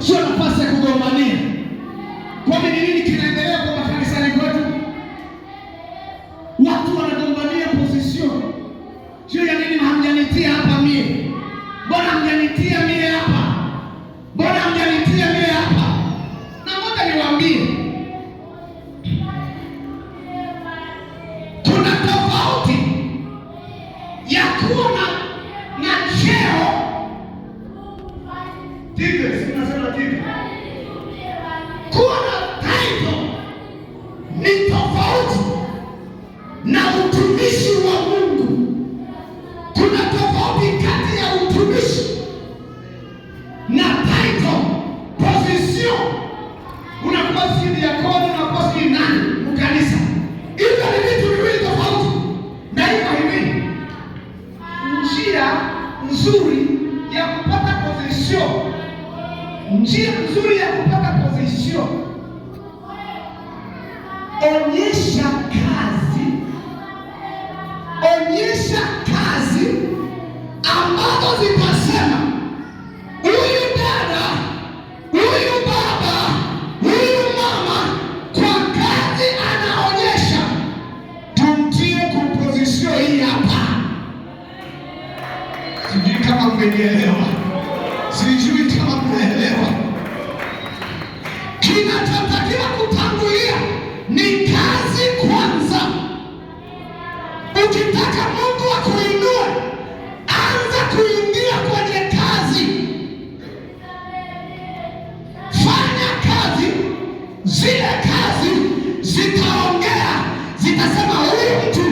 sio nafasi ya kugombania. Kwani ni nini kinaendelea kwa makanisani kwetu? Watu wanagombania position. Sio ya nini hamjanitia hapa mie? Bwana hamjanitia mie hapa. Bwana hamjanitia mie hapa. Na ngoja niwaambie. Kuna tofauti ya kuwa na cheo na bibi. Kuna taito ni tofauti na utumishi wa Mungu. Kuna tofauti kati ya utumishi na taito, position. Unakuwa si diakoni, unakuwa si nani mkanisa, hivyo ni vitu viwili tofauti. Na hivyo hivi njia nzuri ya kupata position Njia nzuri ya kupata position, onyesha kazi, onyesha kazi ambazo zitasema huyu dada, huyu baba, huyu mama, kwa kazi anaonyesha, tumtie ku position hii hapa. Sijui kama sijui kinachotakiwa kutangulia ni kazi kwanza. Ukitaka Mungu akuinue, anza kuingia kwenye kazi. Fanya kazi, zile kazi zitaongea, zitasema huyu mtu